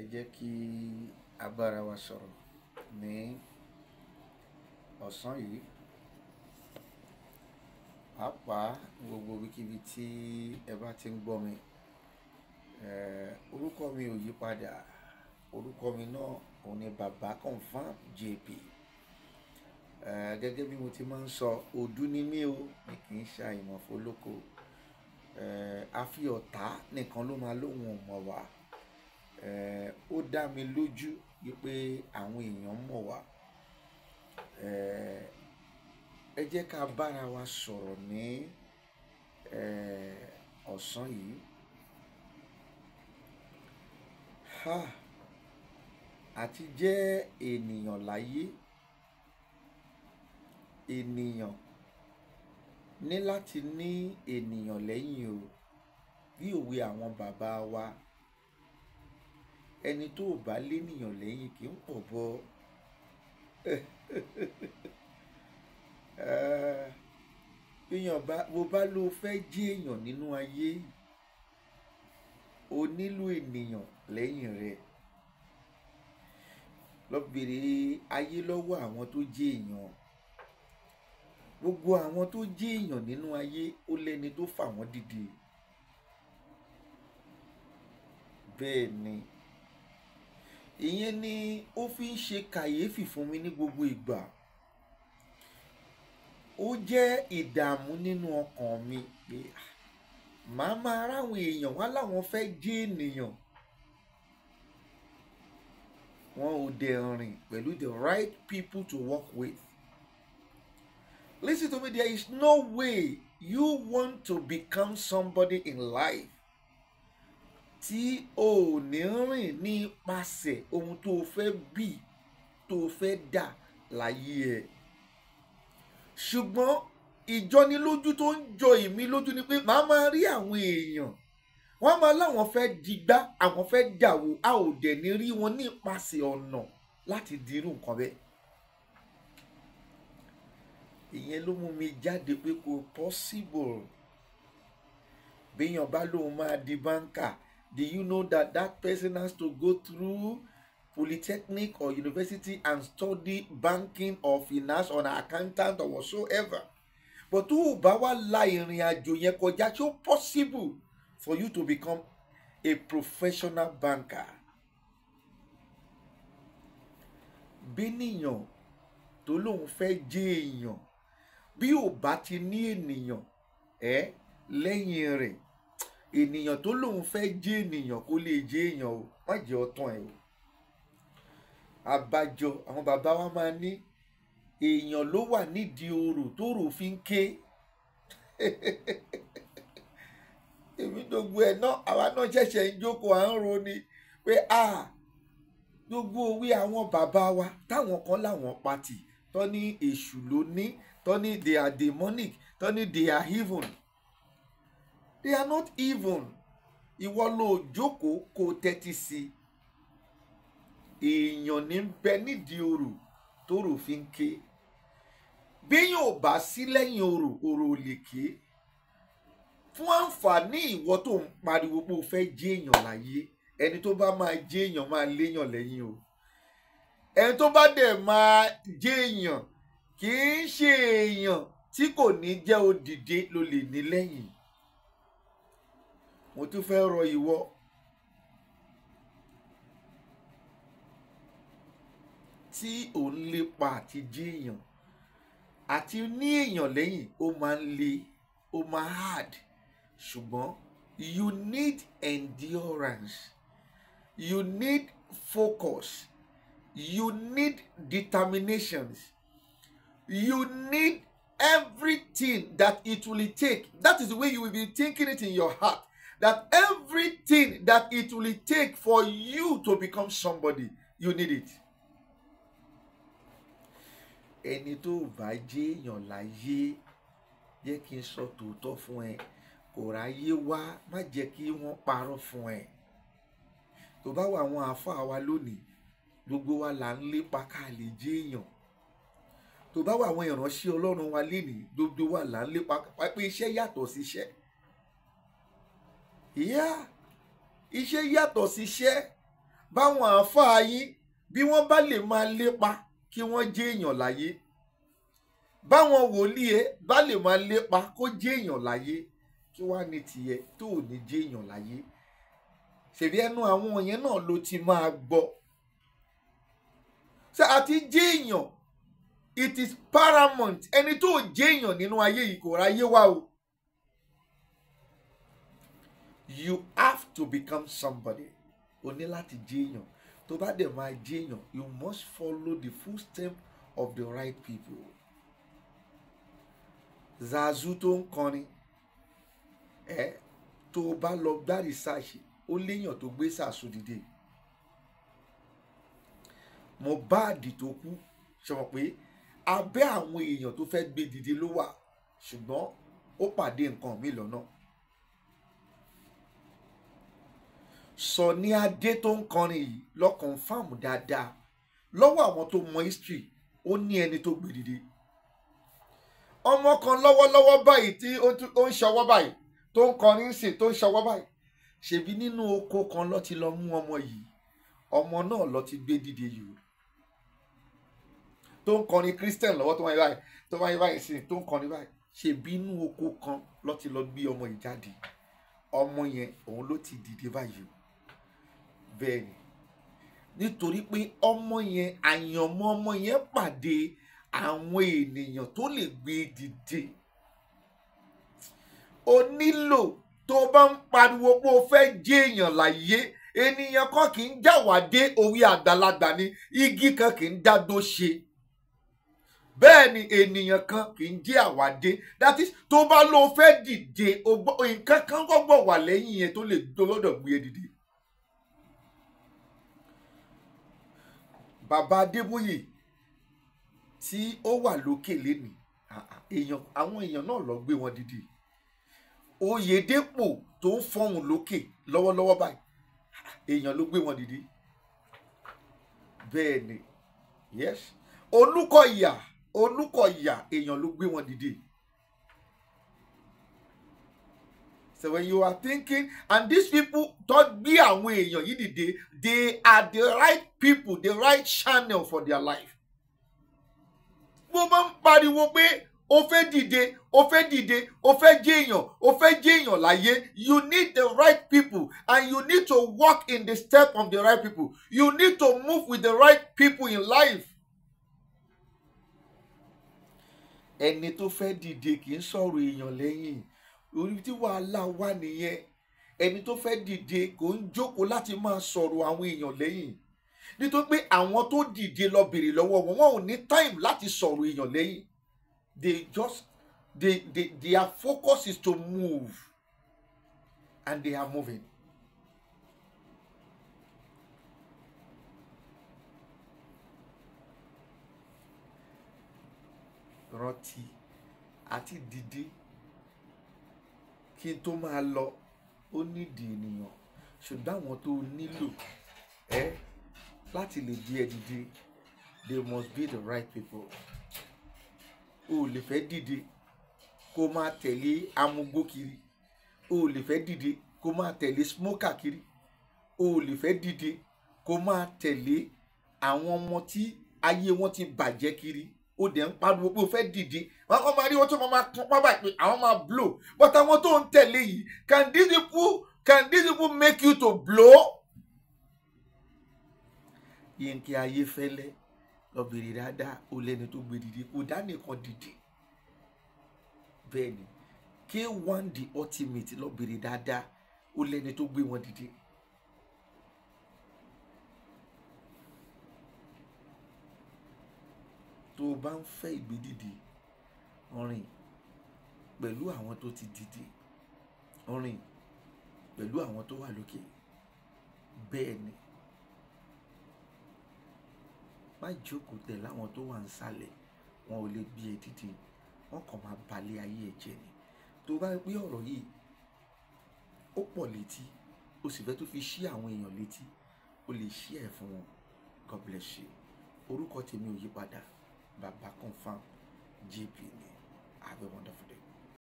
ẹ jẹ́ kí a bára wa sọ̀rọ̀ ní ọ̀sán yìí pàápàá gbogbo ibikíbi tí ẹ bá ti ń gbọ́ mi orúkọ mi ò yí padà orúkọ mi náà òun ni bàbá jp gẹ́gẹ́ bí mo ti máa ń sọ òdú ni mí o mi kì í ṣàìmọ̀ fólókò àfi ọ̀tá nìkan ló máa lóhùn ọmọ wa ó dá mi lójú wípé àwọn èèyàn mọ̀ wá ẹ jẹ́ ká bára wa sọ̀rọ̀ ní ọ̀sán yìí àti jẹ́ ènìyàn láyé ènìyàn ní láti ní ènìyàn lẹ́yìn o bí òwe àwọn bàbá wa ẹni tó bá lénìyàn lẹ́yìn kì í pọ̀ bọ eh, èèyàn bá wo bá ló fẹ́ jí èèyàn nínú ayé o nílò ènìyàn lẹ́yìn rẹ̀ lọ bèrè ayé lọ́wọ́ àwọn tó jí èèyàn gbogbo àwọn tó jí èèyàn nínú ayé ó lẹ́ni tó fà wọ́n dìde bẹ́ẹ̀ ni ìyẹn ni ó fi ń ṣe kàyéfì fún mi ní gbogbo ìgbà ó jẹ́ ìdààmú nínú ọkàn mi pé ah, màá máa ráwọn èèyàn wá láwọn fẹ́ jí ènìyàn wọn ò dẹ̀ rìn pẹ̀lú the right people to work with listen to me there is no way you want to become somebody in life tí o ò ní rìn nípasẹ̀ ohun tó o fẹ́ bì tó o fẹ́ dà láyé ẹ̀ ṣùgbọ́n ìjọnilójú tó ń jọ èmi lójú ni pé màá máa rí àwọn èèyàn wọ́n máa láwọn fẹ́ digbá àwọn fẹ́ jàwó a ò dẹ̀ ní rí wọn nípasẹ̀ ọ̀nà láti dirú nǹkan bẹ́ẹ̀ ìyẹn ló mú mi jáde pé kò possible béèyàn bá lóun máa di báńkà do you know that that person has to go through polytechnic or university and study banking or finance or an accountant or whatsoever but tó o bá wá la ìrìn àjò yẹn kọjá ṣé possible for you to become a professional banker bẹ́nìyàn tó lóun fẹ́ jẹ́ èèyàn bí ò bá ti ní ènìyàn ẹ lẹ́yìn rẹ̀ ènìyàn tó lóun fẹ́ jẹ́ ènìyàn kó lè jẹ́ èèyàn o má jẹ́ ọtán ẹ̀ o àbájọ àwọn bàbá wa máa ní èèyàn ló wà nídìí orò tó rò fi ń ké èmi gbogbo ẹ̀ náà àwa náà ṣẹ̀ṣẹ̀ ń jókòó à ń roni pé a gbogbo òwe àwọn bàbá wa táwọn kan láwọn pati tó ní èṣù ló ní tó ní they are demonic tó ní they are heaven they are not even ìwọ ló jókòó kó tẹ́tí sí èèyàn ní bẹ nídìí orò tóró fi ń ké bíyàn ò bá sí lẹ́yìn orò orò ò lè ké fún àǹfààní ìwọ tó ń pariwo pé o fẹ́ jẹ́ èèyàn láyé ẹni tó bá máa jẹ́ èèyàn máa léèyàn lẹ́yìn o ẹni tó bá dẹ̀ máa jẹ́ èèyàn kì í ṣe èèyàn tí kò ní jẹ́ odìde ló lè ní lẹ́yìn mo tún fẹ́ rọ ìwọ tí ò ń lépa àti jí èèyàn àti ní èèyàn lẹ́yìn ó máa ń le ó máa hard ṣùgbọ́n you need endurance you need focus you need determinations you need everything that it will take that is the way you will be thinking it in your heart that everything that it will take for you to become somebody, you need it. Ẹni tó bá jẹ́ èèyàn láyé jẹ́ kí n sọ tòótọ́ fún ẹ kò ráyé wá má jẹ́ kí wọ́n parọ́ fún ẹ tó bá wà àwọn àáfàá wa lónìí gbogbo wa là ń lépa ká lè jẹ́ èèyàn tó bá wà àwọn ìránṣẹ́ Ọlọ́run wa lénìí gbogbo wa là ń lépa pé iṣẹ́ yàtọ̀ sí iṣẹ́ ìyá iṣẹ́ yàtọ̀ síṣẹ́ báwọn àáfàá yín bí wọ́n bá lè máa lépa kí wọ́n jẹ́ èèyàn láyé báwọn wòlíì bá lè máa lépa kó jẹ́ èèyàn láyé kí wàá ní tìyẹ tó ò ní jẹ́ èèyàn láyé ṣèbí ẹnu àwọn yẹn náà ló ti máa gbọ́ ṣe àti jẹ́ èèyàn it is paramount ẹni tó jẹ́ èèyàn nínú ayé yìí kò ráyé wá o you have to become somebody o ní láti jẹ́ èèyàn tó bá dẹ̀ máa jẹ́ you must follow the full footstep of the right people zazu tó ń kọrin ẹ tó bá lọ gbá research ó léèyàn tó gbé sàṣọ dìde Mohbad tó kú ṣe mọ̀ pé abẹ́ àwọn èèyàn tó fẹ́ gbé dìde ló wà ṣùgbọ́n ó pàdé nǹkan mi lọ́nà. No Sọ̀ní Adé tó ń kọrin yìí lọ confam dáadáa lọ́wọ́ àwọn tó mọ history ó ní ẹni tó gbé dìde ọmọ kan lọ́wọ́lọ́wọ́ báyìí tí ó ń ṣọwọ́ báyìí tó ń kọrin sí tó ń ṣọwọ́ báyìí ṣebí nínú oko kan ló ti lọ mú ọmọ yìí ọmọ náà ló ti gbé dìde yìí tó ń kọrin Christian lọ́wọ́ tó wáyé báyìí tó wáyé báyìí sí tó ń kọrin báyìí ṣebí inú oko kan ló ti lọ gbé ọmọ yìí jáde ọmọ yẹn òun ló ti dìde báyìí bẹ́ẹ̀ ni nítorí pé ọmọ yẹn àyànmọ́ ọmọ yẹn pàdé àwọn ènìyàn tó lè gbé e dìde o nílò tó bá ń pariwo pé o fẹ́ jẹ́ èèyàn láyé ènìyàn kan kì í jáwádé orí àgbàlagbà ni igi kan kì í dádó ṣe bẹ́ẹ̀ ni ènìyàn kan kì í jẹ́ àwádé that is tó bá lọ fẹ́ dìde nǹkan kan gbọ́gbọ́ wà lẹ́yìn yẹn tó lè lọ́dọ̀ gbé e dìde. bàbá adébóyè tí ó wà lókè lẹ́nu ah, ah, èèyàn àwọn èèyàn náà lọ gbé wọn dìde oyèdèpò tó ń fọhùn lókè lọ́wọ́lọ́wọ́ báyìí ah, èèyàn ló gbé wọn dìde bẹ́ẹ̀ ni yes olùkọ̀yà olùkọ̀yà èèyàn ló gbé wọn dìde. so when you are thinking and these people tó gbé àwọn your yìí dìde they are the right people the right channel for their life. mo máa ń pariwo pé o fẹ́ dìde o fẹ́ dìde o fẹ́ jẹ́yàn o fẹ́ jẹ́yàn láyé you need the right people and you need to walk in the step of the right people you need to move with the right people in life. ẹni tó fẹ́ dìde kì í sọ̀rọ̀ èèyàn lẹ́yìn orí tí wàhálà wà nìyẹn ẹni tó fẹ́ dìde kò ń jókòó láti máa sọ̀rọ̀ àwọn èèyàn lẹ́yìn nítorí pé àwọn tó dìde lọ bèrè lọ́wọ́ wọn wọn ò ní time láti sọ̀rọ̀ èèyàn lẹ́yìn they just they they their focus is to move and they are moving. rántí àti dìde kí n tó máa lọ ó nídìí ènìyàn ṣùgbọ́n àwọn tó nílò ẹ láti lè di ẹ they must be the right people o lè fẹ́ dìde kó máa tẹ̀lé amúgbó kiri o lè fẹ́ dìde kó máa tẹ̀lé smoker kiri o lè fẹ́ dìde kó máa tẹ̀lé àwọn ọmọ tí ayé wọn ti bàjẹ́ kiri ó dẹ̀ ń pariwo pé o fẹ́ dìde wọn kọ́ máa rí wọn tó máa kan pápá pé àwọn máa blow but àwọn tó ń tẹ̀lé yìí can these people can these people make you to blow. Yínká Ayéfẹ́lẹ́ lọ́bìnrin dáadáa ó lẹ́ni tó gbé dìde kó dánìkan dìde bẹ́ẹ̀ ni k one the ultimate lọ́bìnrin dáadáa ó lẹ́ni tó gbé wọn dìde. o bá ń fẹ́ ìgbé dìde rìn pẹ̀lú àwọn tó ti dìde rìn pẹ̀lú àwọn tó wà lókè bẹ́ẹ̀ ni má jókòó tẹ̀ láwọn tó wà ń sálẹ̀ wọn ò lè gbé e dìde wọn kàn máa balẹ̀ ayé ẹ̀ jẹ́ ni tó bá gbé ọ̀rọ̀ yìí ó pọ̀ létí o sì fẹ́ tó fi ṣí àwọn èèyàn létí o lè ṣí ẹ̀ fún wọn God bless you orúkọ tèmi ò yí padà baba confam gp ni have a wonderful